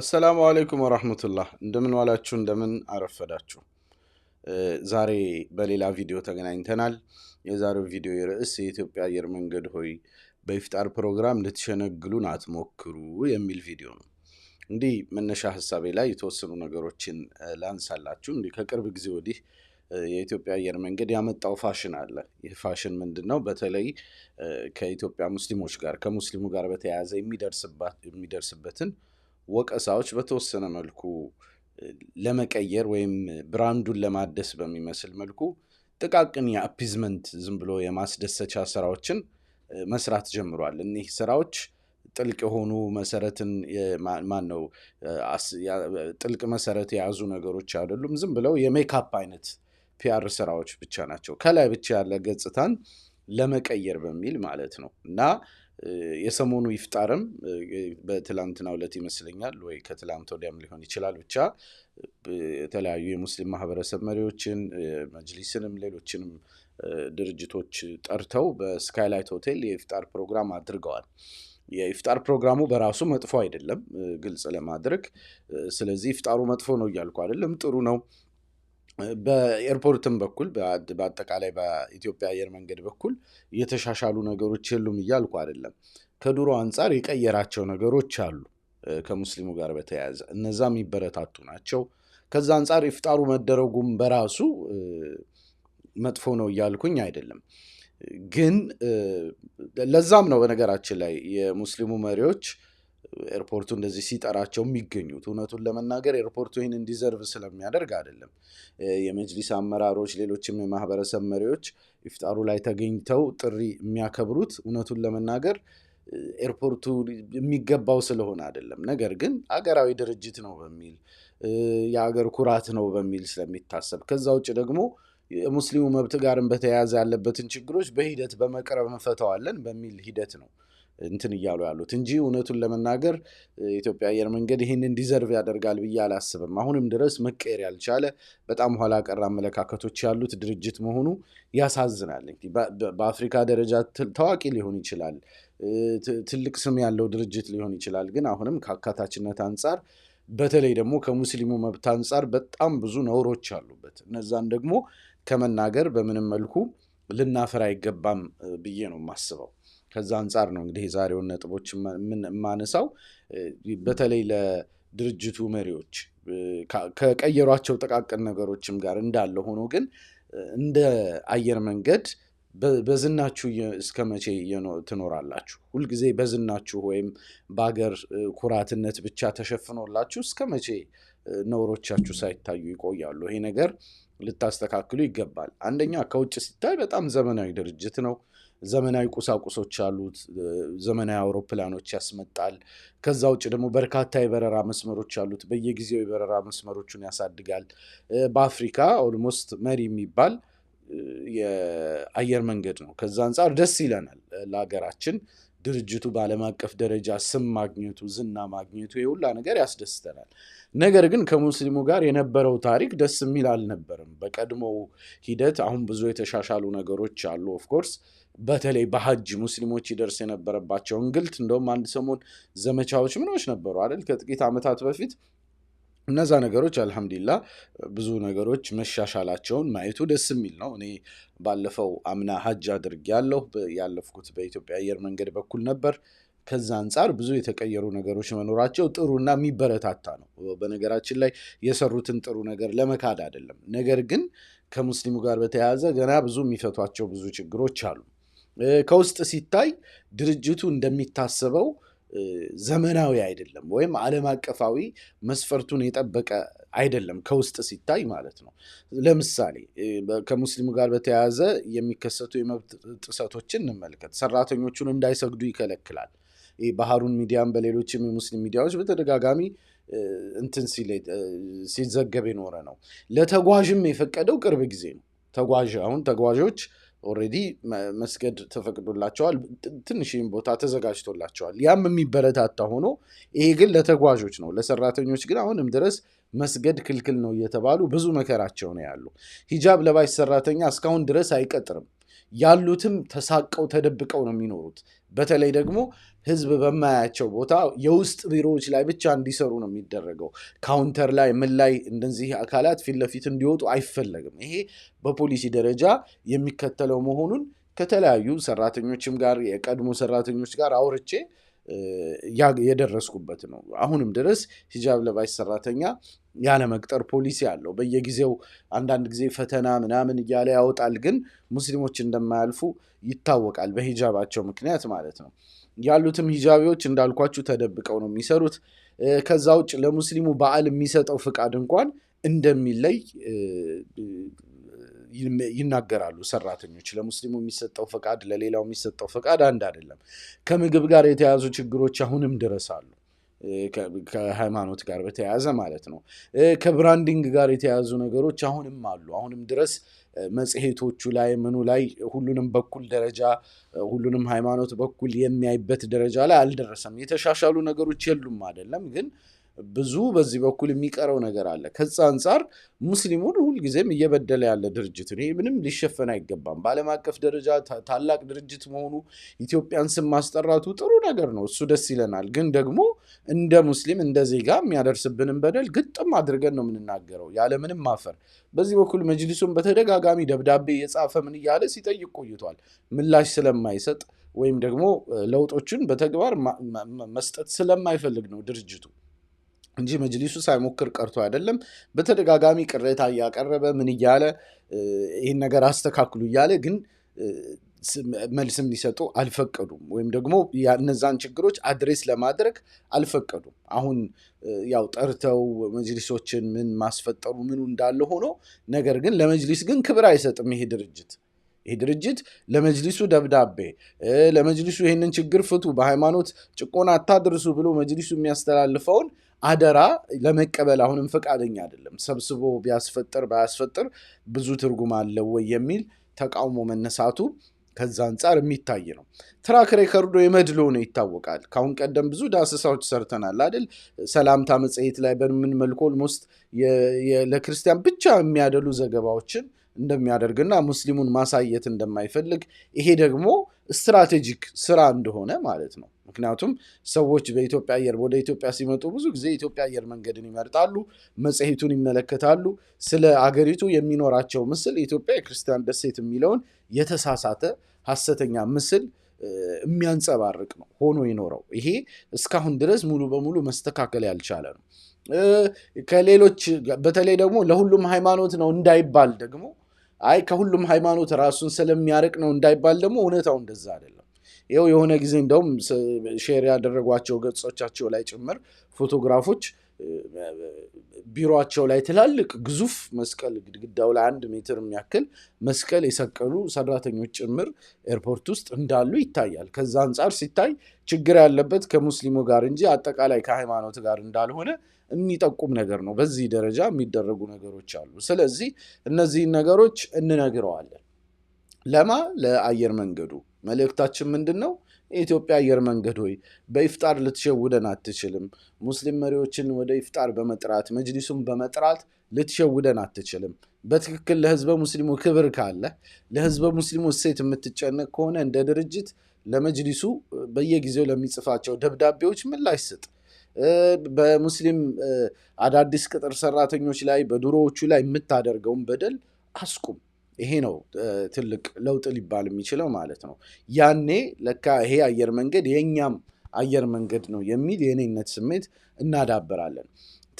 አሰላሙ አለይኩም ወራህመቱላህ እንደምን ዋላችሁ፣ እንደምን አረፈዳችሁ። ዛሬ በሌላ ቪዲዮ ተገናኝተናል። የዛሬው ቪዲዮ ርዕስ የኢትዮጵያ አየር መንገድ ሆይ በኢፍጣር ፕሮግራም ልትሸነግሉን አትሞክሩ የሚል ቪዲዮ ነው። እንዲህ መነሻ ሀሳቤ ላይ የተወሰኑ ነገሮችን ላንሳላችሁ። እንዲህ ከቅርብ ጊዜ ወዲህ የኢትዮጵያ አየር መንገድ ያመጣው ፋሽን አለ። ይህ ፋሽን ምንድን ነው? በተለይ ከኢትዮጵያ ሙስሊሞች ጋር ከሙስሊሙ ጋር በተያያዘ የሚደርስበትን ወቀሳዎች በተወሰነ መልኩ ለመቀየር ወይም ብራንዱን ለማደስ በሚመስል መልኩ ጥቃቅን የአፒዝመንት ዝም ብሎ የማስደሰቻ ስራዎችን መስራት ጀምሯል። እኒህ ስራዎች ጥልቅ የሆኑ መሰረትን ማን ነው ጥልቅ መሰረት የያዙ ነገሮች አይደሉም። ዝም ብለው የሜካፕ አይነት ፒያር ስራዎች ብቻ ናቸው። ከላይ ብቻ ያለ ገጽታን ለመቀየር በሚል ማለት ነው እና የሰሞኑ ይፍጣርም በትላንትና ሁለት ይመስለኛል ወይ ከትላንት ወዲያም ሊሆን ይችላል። ብቻ የተለያዩ የሙስሊም ማህበረሰብ መሪዎችን መጅሊስንም ሌሎችንም ድርጅቶች ጠርተው በስካይላይት ሆቴል የኢፍጣር ፕሮግራም አድርገዋል። የኢፍጣር ፕሮግራሙ በራሱ መጥፎ አይደለም፣ ግልጽ ለማድረግ ስለዚህ ኢፍጣሩ መጥፎ ነው እያልኩ አይደለም፣ ጥሩ ነው። በኤርፖርትም በኩል በአጠቃላይ በኢትዮጵያ አየር መንገድ በኩል የተሻሻሉ ነገሮች የሉም እያልኩ አይደለም። ከድሮ አንጻር የቀየራቸው ነገሮች አሉ። ከሙስሊሙ ጋር በተያያዘ እነዛ የሚበረታቱ ናቸው። ከዛ አንጻር ኢፍጣሩ መደረጉም በራሱ መጥፎ ነው እያልኩኝ አይደለም። ግን ለዛም ነው በነገራችን ላይ የሙስሊሙ መሪዎች ኤርፖርቱ እንደዚህ ሲጠራቸው የሚገኙት እውነቱን ለመናገር ኤርፖርቱ ይህን እንዲዘርቭ ስለሚያደርግ አይደለም። የመጅሊስ አመራሮች፣ ሌሎችም የማህበረሰብ መሪዎች ኢፍጣሩ ላይ ተገኝተው ጥሪ የሚያከብሩት እውነቱን ለመናገር ኤርፖርቱ የሚገባው ስለሆነ አይደለም። ነገር ግን አገራዊ ድርጅት ነው በሚል የአገር ኩራት ነው በሚል ስለሚታሰብ ከዛ ውጭ ደግሞ የሙስሊሙ መብት ጋርን በተያያዘ ያለበትን ችግሮች በሂደት በመቅረብ እንፈተዋለን በሚል ሂደት ነው እንትን እያሉ ያሉት እንጂ እውነቱን ለመናገር የኢትዮጵያ አየር መንገድ ይህንን ዲዘርቭ ያደርጋል ብዬ አላስብም። አሁንም ድረስ መቀየር ያልቻለ በጣም ኋላ ቀር አመለካከቶች ያሉት ድርጅት መሆኑ ያሳዝናል። በአፍሪካ ደረጃ ታዋቂ ሊሆን ይችላል፣ ትልቅ ስም ያለው ድርጅት ሊሆን ይችላል። ግን አሁንም ከአካታችነት አንጻር በተለይ ደግሞ ከሙስሊሙ መብት አንጻር በጣም ብዙ ነውሮች አሉበት። እነዛን ደግሞ ከመናገር በምንም መልኩ ልናፈር አይገባም ብዬ ነው የማስበው። ከዛ አንጻር ነው እንግዲህ የዛሬውን ነጥቦች የማነሳው በተለይ ለድርጅቱ መሪዎች ከቀየሯቸው ጥቃቅን ነገሮችም ጋር እንዳለ ሆኖ ግን እንደ አየር መንገድ በዝናችሁ እስከ መቼ ትኖራላችሁ? ሁልጊዜ በዝናችሁ ወይም በአገር ኩራትነት ብቻ ተሸፍኖላችሁ እስከ መቼ ነውሮቻችሁ ሳይታዩ ይቆያሉ? ይሄ ነገር ልታስተካክሉ ይገባል። አንደኛ ከውጭ ሲታይ በጣም ዘመናዊ ድርጅት ነው። ዘመናዊ ቁሳቁሶች አሉት። ዘመናዊ አውሮፕላኖች ያስመጣል። ከዛ ውጭ ደግሞ በርካታ የበረራ መስመሮች አሉት። በየጊዜው የበረራ መስመሮቹን ያሳድጋል። በአፍሪካ ኦልሞስት መሪ የሚባል የአየር መንገድ ነው። ከዛ አንጻር ደስ ይለናል ለሀገራችን ድርጅቱ በአለም አቀፍ ደረጃ ስም ማግኘቱ ዝና ማግኘቱ የሁላ ነገር ያስደስተናል። ነገር ግን ከሙስሊሙ ጋር የነበረው ታሪክ ደስ የሚል አልነበርም። በቀድሞው ሂደት አሁን ብዙ የተሻሻሉ ነገሮች አሉ ኦፍኮርስ በተለይ በሀጅ ሙስሊሞች ይደርስ የነበረባቸው እንግልት እንደውም አንድ ሰሞን ዘመቻዎች ምኖች ነበሩ አይደል? ከጥቂት ዓመታት በፊት እነዛ ነገሮች አልሐምዱሊላ ብዙ ነገሮች መሻሻላቸውን ማየቱ ደስ የሚል ነው። እኔ ባለፈው አምና ሀጅ አድርግ ያለሁ ያለፍኩት በኢትዮጵያ አየር መንገድ በኩል ነበር። ከዛ አንጻር ብዙ የተቀየሩ ነገሮች መኖራቸው ጥሩና የሚበረታታ ነው። በነገራችን ላይ የሰሩትን ጥሩ ነገር ለመካድ አይደለም። ነገር ግን ከሙስሊሙ ጋር በተያያዘ ገና ብዙ የሚፈቷቸው ብዙ ችግሮች አሉ። ከውስጥ ሲታይ ድርጅቱ እንደሚታሰበው ዘመናዊ አይደለም፣ ወይም ዓለም አቀፋዊ መስፈርቱን የጠበቀ አይደለም ከውስጥ ሲታይ ማለት ነው። ለምሳሌ ከሙስሊሙ ጋር በተያያዘ የሚከሰቱ የመብት ጥሰቶችን እንመልከት። ሰራተኞቹን እንዳይሰግዱ ይከለክላል። ባህሩን ሚዲያም በሌሎችም የሙስሊም ሚዲያዎች በተደጋጋሚ እንትን ሲዘገብ የኖረ ነው። ለተጓዥም የፈቀደው ቅርብ ጊዜ ነው። ተጓዥ አሁን ተጓዦች ኦሬዲ መስገድ ተፈቅዶላቸዋል። ትንሽም ቦታ ተዘጋጅቶላቸዋል። ያም የሚበረታታ ሆኖ ይሄ ግን ለተጓዦች ነው። ለሰራተኞች ግን አሁንም ድረስ መስገድ ክልክል ነው እየተባሉ ብዙ መከራቸው ነው ያሉ። ሂጃብ ለባሽ ሰራተኛ እስካሁን ድረስ አይቀጥርም። ያሉትም ተሳቀው ተደብቀው ነው የሚኖሩት። በተለይ ደግሞ ህዝብ በማያቸው ቦታ የውስጥ ቢሮዎች ላይ ብቻ እንዲሰሩ ነው የሚደረገው። ካውንተር ላይ ምን ላይ እንደዚህ አካላት ፊት ለፊት እንዲወጡ አይፈለግም። ይሄ በፖሊሲ ደረጃ የሚከተለው መሆኑን ከተለያዩ ሰራተኞችም ጋር የቀድሞ ሰራተኞች ጋር አውርቼ የደረስኩበት ነው። አሁንም ድረስ ሂጃብ ለባሽ ሰራተኛ ያለመቅጠር ፖሊሲ አለው። በየጊዜው አንዳንድ ጊዜ ፈተና ምናምን እያለ ያወጣል፣ ግን ሙስሊሞች እንደማያልፉ ይታወቃል፣ በሂጃባቸው ምክንያት ማለት ነው። ያሉትም ሂጃቢዎች እንዳልኳችሁ ተደብቀው ነው የሚሰሩት። ከዛ ውጭ ለሙስሊሙ በዓል የሚሰጠው ፍቃድ እንኳን እንደሚለይ ይናገራሉ ሰራተኞች። ለሙስሊሙ የሚሰጠው ፈቃድ፣ ለሌላው የሚሰጠው ፈቃድ አንድ አይደለም። ከምግብ ጋር የተያያዙ ችግሮች አሁንም ድረስ አሉ። ከሃይማኖት ጋር በተያያዘ ማለት ነው። ከብራንዲንግ ጋር የተያያዙ ነገሮች አሁንም አሉ። አሁንም ድረስ መጽሔቶቹ ላይ ምኑ ላይ ሁሉንም በኩል ደረጃ ሁሉንም ሃይማኖት በኩል የሚያይበት ደረጃ ላይ አልደረሰም። የተሻሻሉ ነገሮች የሉም አይደለም ግን ብዙ በዚህ በኩል የሚቀረው ነገር አለ። ከዛ አንጻር ሙስሊሙን ሁልጊዜም እየበደለ ያለ ድርጅት ይሄ ምንም ሊሸፈን አይገባም። በዓለም አቀፍ ደረጃ ታላቅ ድርጅት መሆኑ ኢትዮጵያን ስም ማስጠራቱ ጥሩ ነገር ነው፣ እሱ ደስ ይለናል። ግን ደግሞ እንደ ሙስሊም እንደ ዜጋ የሚያደርስብንን በደል ግጥም አድርገን ነው የምንናገረው ያለምንም ማፈር። በዚህ በኩል መጅሊሱን በተደጋጋሚ ደብዳቤ የጻፈ ምን እያለ ሲጠይቅ ቆይቷል። ምላሽ ስለማይሰጥ ወይም ደግሞ ለውጦችን በተግባር መስጠት ስለማይፈልግ ነው ድርጅቱ እንጂ መጅሊሱ ሳይሞክር ቀርቶ አይደለም። በተደጋጋሚ ቅሬታ እያቀረበ ምን እያለ ይህን ነገር አስተካክሉ እያለ ግን መልስም ሊሰጡ አልፈቀዱም፣ ወይም ደግሞ እነዛን ችግሮች አድሬስ ለማድረግ አልፈቀዱም። አሁን ያው ጠርተው መጅሊሶችን ምን ማስፈጠሩ ምኑ እንዳለ ሆኖ ነገር ግን ለመጅሊስ ግን ክብር አይሰጥም ይሄ ድርጅት ይህ ድርጅት ለመጅሊሱ ደብዳቤ ለመጅሊሱ ይህንን ችግር ፍቱ፣ በሃይማኖት ጭቆና አታድርሱ ብሎ መጅሊሱ የሚያስተላልፈውን አደራ ለመቀበል አሁንም ፈቃደኛ አይደለም። ሰብስቦ ቢያስፈጥር ባያስፈጥር ብዙ ትርጉም አለው ወይ የሚል ተቃውሞ መነሳቱ ከዛ አንጻር የሚታይ ነው። ትራክ ሬከርዶ የመድሎ ነው ይታወቃል። ከአሁን ቀደም ብዙ ዳሰሳዎች ሰርተናል አይደል? ሰላምታ መጽሔት ላይ በምን መልኩ ኦልሞስት ለክርስቲያን ብቻ የሚያደሉ ዘገባዎችን እንደሚያደርግና ሙስሊሙን ማሳየት እንደማይፈልግ ይሄ ደግሞ ስትራቴጂክ ስራ እንደሆነ ማለት ነው። ምክንያቱም ሰዎች በኢትዮጵያ አየር ወደ ኢትዮጵያ ሲመጡ ብዙ ጊዜ ኢትዮጵያ አየር መንገድን ይመርጣሉ፣ መጽሔቱን ይመለከታሉ። ስለ አገሪቱ የሚኖራቸው ምስል ኢትዮጵያ የክርስቲያን ደሴት የሚለውን የተሳሳተ ሀሰተኛ ምስል የሚያንጸባርቅ ነው ሆኖ ይኖረው። ይሄ እስካሁን ድረስ ሙሉ በሙሉ መስተካከል ያልቻለ ነው። ከሌሎች በተለይ ደግሞ ለሁሉም ሃይማኖት ነው እንዳይባል ደግሞ አይ ከሁሉም ሃይማኖት ራሱን ስለሚያርቅ ነው እንዳይባል ደግሞ እውነታው እንደዛ አይደለም። ይኸው የሆነ ጊዜ እንደውም ሼር ያደረጓቸው ገጾቻቸው ላይ ጭምር ፎቶግራፎች ቢሮቸው ላይ ትላልቅ ግዙፍ መስቀል ግድግዳው ላይ አንድ ሜትር የሚያክል መስቀል የሰቀሉ ሰራተኞች ጭምር ኤርፖርት ውስጥ እንዳሉ ይታያል። ከዛ አንጻር ሲታይ ችግር ያለበት ከሙስሊሙ ጋር እንጂ አጠቃላይ ከሃይማኖት ጋር እንዳልሆነ የሚጠቁም ነገር ነው። በዚህ ደረጃ የሚደረጉ ነገሮች አሉ። ስለዚህ እነዚህን ነገሮች እንነግረዋለን። ለማ ለአየር መንገዱ መልእክታችን ምንድን ነው? የኢትዮጵያ አየር መንገድ ሆይ በኢፍጣር ልትሸውደን አትችልም። ሙስሊም መሪዎችን ወደ ኢፍጣር በመጥራት መጅሊሱን በመጥራት ልትሸውደን አትችልም። በትክክል ለህዝበ ሙስሊሙ ክብር ካለ ለህዝበ ሙስሊሙ እሴት የምትጨነቅ ከሆነ እንደ ድርጅት ለመጅሊሱ በየጊዜው ለሚጽፋቸው ደብዳቤዎች ምላሽ ስጥ። በሙስሊም አዳዲስ ቅጥር ሰራተኞች ላይ በድሮዎቹ ላይ የምታደርገውን በደል አስቁም። ይሄ ነው ትልቅ ለውጥ ሊባል የሚችለው ማለት ነው። ያኔ ለካ ይሄ አየር መንገድ የእኛም አየር መንገድ ነው የሚል የእኔነት ስሜት እናዳብራለን።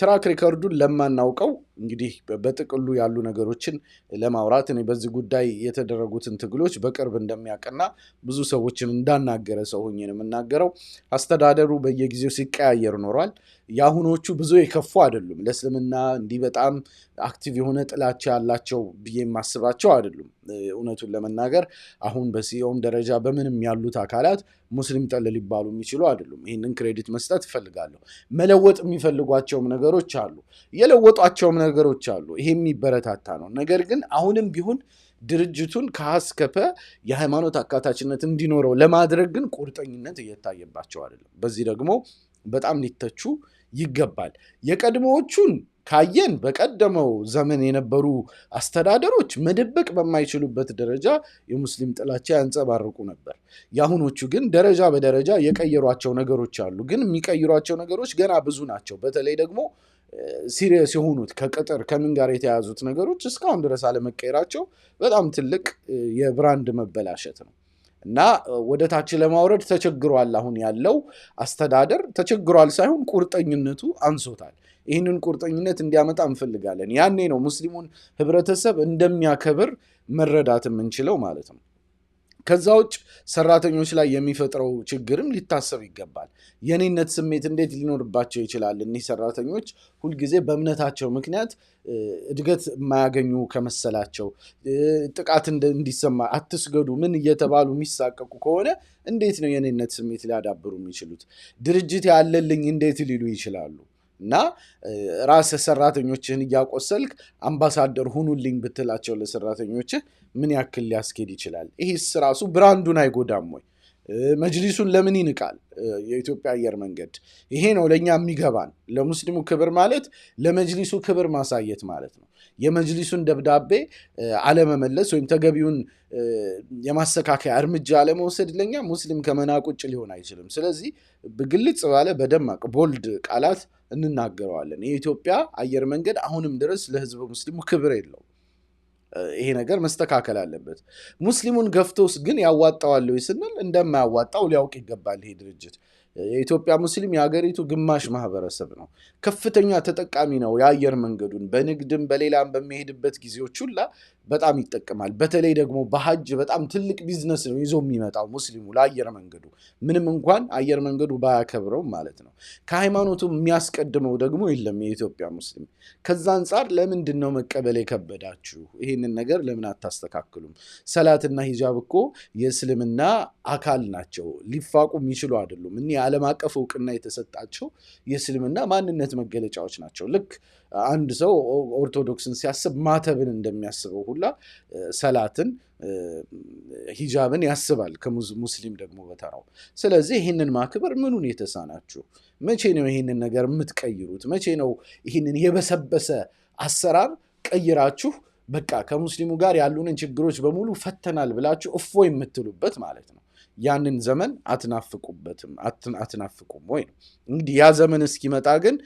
ትራክ ሪከርዱን ለማናውቀው እንግዲህ በጥቅሉ ያሉ ነገሮችን ለማውራት እኔ በዚህ ጉዳይ የተደረጉትን ትግሎች በቅርብ እንደሚያውቅና ብዙ ሰዎችን እንዳናገረ ሰው ሆኜ ነው የምናገረው። አስተዳደሩ በየጊዜው ሲቀያየር ኖሯል። የአሁኖቹ ብዙ የከፉ አይደሉም። ለእስልምና እንዲህ በጣም አክቲቭ የሆነ ጥላቻ ያላቸው ብዬ የማስባቸው አይደሉም። እውነቱን ለመናገር አሁን በሲኦም ደረጃ በምንም ያሉት አካላት ሙስሊም ጠል ሊባሉ የሚችሉ አይደሉም። ይህንን ክሬዲት መስጠት እፈልጋለሁ። መለወጥ የሚፈልጓቸውም ነገሮች አሉ። የለወጧቸውም ነገሮች አሉ። ይሄ የሚበረታታ ነው። ነገር ግን አሁንም ቢሆን ድርጅቱን ከሀስከፈ የሃይማኖት አካታችነት እንዲኖረው ለማድረግ ግን ቁርጠኝነት እየታየባቸው አይደለም። በዚህ ደግሞ በጣም ሊተቹ ይገባል የቀድሞዎቹን ካየን በቀደመው ዘመን የነበሩ አስተዳደሮች መደበቅ በማይችሉበት ደረጃ የሙስሊም ጥላቻ ያንጸባርቁ ነበር። የአሁኖቹ ግን ደረጃ በደረጃ የቀየሯቸው ነገሮች አሉ። ግን የሚቀይሯቸው ነገሮች ገና ብዙ ናቸው። በተለይ ደግሞ ሲሪየስ የሆኑት ከቅጥር ከምን ጋር የተያያዙት ነገሮች እስካሁን ድረስ አለመቀየራቸው በጣም ትልቅ የብራንድ መበላሸት ነው። እና ወደ ታች ለማውረድ ተቸግሯል። አሁን ያለው አስተዳደር ተቸግሯል ሳይሆን ቁርጠኝነቱ አንሶታል። ይህንን ቁርጠኝነት እንዲያመጣ እንፈልጋለን። ያኔ ነው ሙስሊሙን ህብረተሰብ እንደሚያከብር መረዳት የምንችለው ማለት ነው። ከዛ ውጭ ሰራተኞች ላይ የሚፈጥረው ችግርም ሊታሰብ ይገባል። የኔነት ስሜት እንዴት ሊኖርባቸው ይችላል? እኒህ ሰራተኞች ሁልጊዜ በእምነታቸው ምክንያት እድገት የማያገኙ ከመሰላቸው ጥቃት እንዲሰማ አትስገዱ፣ ምን እየተባሉ የሚሳቀቁ ከሆነ እንዴት ነው የኔነት ስሜት ሊያዳብሩ የሚችሉት? ድርጅት ያለልኝ እንዴት ሊሉ ይችላሉ? እና ራስ ሰራተኞችህን እያቆሰልክ አምባሳደር ሁኑልኝ ብትላቸው ለሰራተኞችህ ምን ያክል ሊያስኬድ ይችላል? ይህስ ራሱ ብራንዱን አይጎዳም ወይ? መጅሊሱን ለምን ይንቃል? የኢትዮጵያ አየር መንገድ ይሄ ነው ለእኛ የሚገባን። ለሙስሊሙ ክብር ማለት ለመጅሊሱ ክብር ማሳየት ማለት ነው። የመጅሊሱን ደብዳቤ አለመመለስ ወይም ተገቢውን የማስተካከያ እርምጃ አለመውሰድ ለእኛ ሙስሊም ከመናቅ ውጭ ሊሆን አይችልም። ስለዚህ በግልጽ ባለ በደማቅ ቦልድ ቃላት እንናገረዋለን። የኢትዮጵያ አየር መንገድ አሁንም ድረስ ለህዝብ ሙስሊሙ ክብር የለውም። ይሄ ነገር መስተካከል አለበት። ሙስሊሙን ገፍቶ ግን ያዋጣዋለ ስንል እንደማያዋጣው ሊያውቅ ይገባል ይሄ ድርጅት። የኢትዮጵያ ሙስሊም የሀገሪቱ ግማሽ ማህበረሰብ ነው። ከፍተኛ ተጠቃሚ ነው። የአየር መንገዱን በንግድም በሌላም በሚሄድበት ጊዜዎች ሁላ በጣም ይጠቀማል። በተለይ ደግሞ በሀጅ በጣም ትልቅ ቢዝነስ ነው ይዞ የሚመጣው ሙስሊሙ ለአየር መንገዱ ምንም እንኳን አየር መንገዱ ባያከብረው ማለት ነው። ከሃይማኖቱ የሚያስቀድመው ደግሞ የለም የኢትዮጵያ ሙስሊም። ከዛ አንጻር ለምንድን ነው መቀበል የከበዳችሁ? ይህንን ነገር ለምን አታስተካክሉም? ሰላትና ሂጃብ እኮ የእስልምና አካል ናቸው። ሊፋቁ የሚችሉ አይደሉም። ዓለም አቀፍ እውቅና የተሰጣቸው የእስልምና ማንነት መገለጫዎች ናቸው። ልክ አንድ ሰው ኦርቶዶክስን ሲያስብ ማተብን እንደሚያስበው ሁላ ሰላትን፣ ሂጃብን ያስባል ከሙስሊም ደግሞ በተራው። ስለዚህ ይህንን ማክበር ምኑን የተሳናችሁ? መቼ ነው ይህንን ነገር የምትቀይሩት? መቼ ነው ይህንን የበሰበሰ አሰራር ቀይራችሁ በቃ ከሙስሊሙ ጋር ያሉንን ችግሮች በሙሉ ፈተናል ብላችሁ እፎ የምትሉበት ማለት ነው? ያንን ዘመን አትናፍቁበትም አትናፍቁም ወይ ነው እንግዲህ። ያ ዘመን እስኪመጣ ግን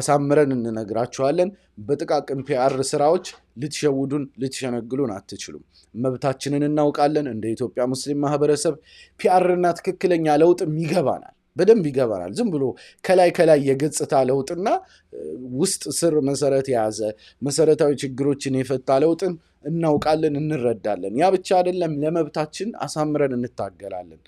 አሳምረን እንነግራችኋለን። በጥቃቅን ፒአር ስራዎች ልትሸውዱን ልትሸነግሉን አትችሉም። መብታችንን እናውቃለን። እንደ ኢትዮጵያ ሙስሊም ማህበረሰብ ፒአርና ትክክለኛ ለውጥ ይገባናል። በደንብ ይገባናል። ዝም ብሎ ከላይ ከላይ የገጽታ ለውጥና ውስጥ ስር መሰረት የያዘ መሰረታዊ ችግሮችን የፈታ ለውጥን እናውቃለን፣ እንረዳለን። ያ ብቻ አይደለም፣ ለመብታችን አሳምረን እንታገላለን።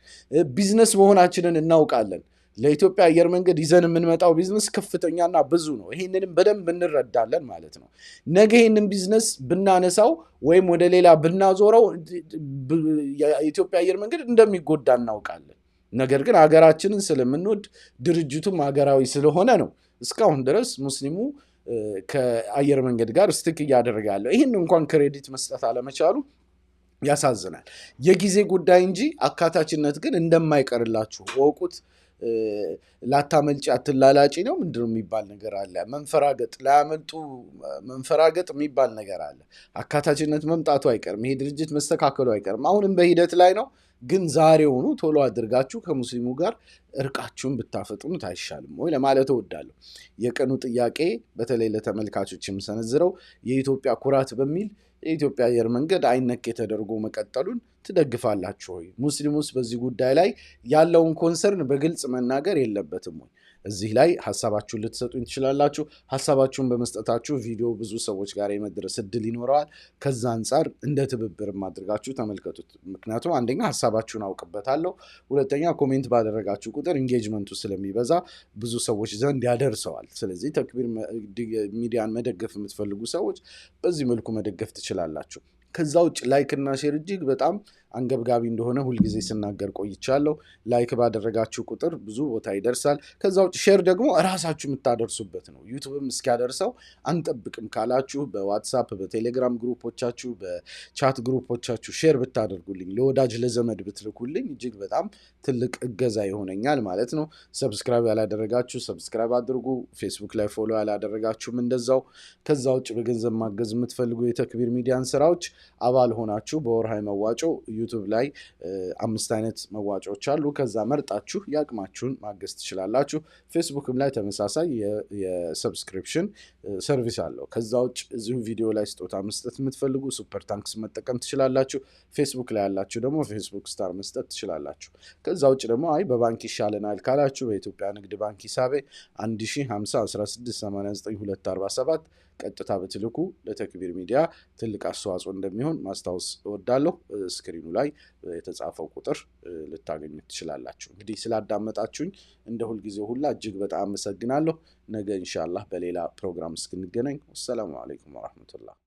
ቢዝነስ መሆናችንን እናውቃለን። ለኢትዮጵያ አየር መንገድ ይዘን የምንመጣው ቢዝነስ ከፍተኛና ብዙ ነው። ይህንንም በደንብ እንረዳለን ማለት ነው። ነገ ይህንን ቢዝነስ ብናነሳው ወይም ወደ ሌላ ብናዞረው የኢትዮጵያ አየር መንገድ እንደሚጎዳ እናውቃለን። ነገር ግን ሀገራችንን ስለምንወድ ድርጅቱም ሀገራዊ ስለሆነ ነው እስካሁን ድረስ ሙስሊሙ ከአየር መንገድ ጋር ስትክ እያደረገ ያለው። ይህን እንኳን ክሬዲት መስጠት አለመቻሉ ያሳዝናል። የጊዜ ጉዳይ እንጂ አካታችነት ግን እንደማይቀርላችሁ ወቁት። ላታመልጭ አትላላጭ ነው ምንድነው የሚባል ነገር አለ። መንፈራገጥ ላያመልጡ መንፈራገጥ የሚባል ነገር አለ። አካታችነት መምጣቱ አይቀርም። ይሄ ድርጅት መስተካከሉ አይቀርም። አሁንም በሂደት ላይ ነው። ግን ዛሬውኑ ቶሎ አድርጋችሁ ከሙስሊሙ ጋር እርቃችሁን ብታፈጥኑት አይሻልም ወይ ለማለት እወዳለሁ። የቀኑ ጥያቄ በተለይ ለተመልካቾች የምሰነዝረው የኢትዮጵያ ኩራት በሚል የኢትዮጵያ አየር መንገድ አይነኬ ተደርጎ መቀጠሉን ትደግፋላችሁ ወይ? ሙስሊሙስ በዚህ ጉዳይ ላይ ያለውን ኮንሰርን በግልጽ መናገር የለበትም ወይ? እዚህ ላይ ሀሳባችሁን ልትሰጡኝ ትችላላችሁ። ሀሳባችሁን በመስጠታችሁ ቪዲዮ ብዙ ሰዎች ጋር የመድረስ እድል ይኖረዋል። ከዛ አንጻር እንደ ትብብር አድርጋችሁ ተመልከቱት። ምክንያቱም አንደኛ ሀሳባችሁን አውቅበታለሁ፣ ሁለተኛ ኮሜንት ባደረጋችሁ ቁጥር ኢንጌጅመንቱ ስለሚበዛ ብዙ ሰዎች ዘንድ ያደርሰዋል። ስለዚህ ተክቢር ሚዲያን መደገፍ የምትፈልጉ ሰዎች በዚህ መልኩ መደገፍ ትችላላችሁ። ከዛ ውጭ ላይክ እና ሼር እጅግ በጣም አንገብጋቢ እንደሆነ ሁልጊዜ ስናገር ቆይቻለሁ። ላይክ ባደረጋችሁ ቁጥር ብዙ ቦታ ይደርሳል። ከዛ ውጭ ሼር ደግሞ እራሳችሁ የምታደርሱበት ነው። ዩቱብም እስኪያደርሰው አንጠብቅም ካላችሁ በዋትሳፕ በቴሌግራም ግሩፖቻችሁ፣ በቻት ግሩፖቻችሁ ሼር ብታደርጉልኝ፣ ለወዳጅ ለዘመድ ብትልኩልኝ እጅግ በጣም ትልቅ እገዛ ይሆነኛል ማለት ነው። ሰብስክራይብ ያላደረጋችሁ ሰብስክራይብ አድርጉ። ፌስቡክ ላይ ፎሎ ያላደረጋችሁም እንደዛው። ከዛ ውጭ በገንዘብ ማገዝ የምትፈልጉ የተክቢር ሚዲያን ስራዎች አባል ሆናችሁ በወርሃዊ መዋጮው ዩቱብ ላይ አምስት አይነት መዋጮዎች አሉ። ከዛ መርጣችሁ የአቅማችሁን ማገዝ ትችላላችሁ። ፌስቡክም ላይ ተመሳሳይ የሰብስክሪፕሽን ሰርቪስ አለው። ከዛ ውጭ እዚሁ ቪዲዮ ላይ ስጦታ መስጠት የምትፈልጉ ሱፐር ታንክስ መጠቀም ትችላላችሁ። ፌስቡክ ላይ ያላችሁ ደግሞ ፌስቡክ ስታር መስጠት ትችላላችሁ። ከዛ ውጭ ደግሞ አይ በባንክ ይሻለናል ካላችሁ በኢትዮጵያ ንግድ ባንክ ሂሳቤ 1050 1689 247 ቀጥታ በትልኩ ለተክቢር ሚዲያ ትልቅ አስተዋጽኦ እንደሚሆን ማስታወስ እወዳለሁ። ስክሪኑ ላይ የተጻፈው ቁጥር ልታገኙ ትችላላችሁ። እንግዲህ ስላዳመጣችሁኝ እንደ ሁልጊዜ ሁላ እጅግ በጣም አመሰግናለሁ። ነገ እንሻላህ በሌላ ፕሮግራም እስክንገናኝ ወሰላሙ አለይኩም ወረህመቱላህ።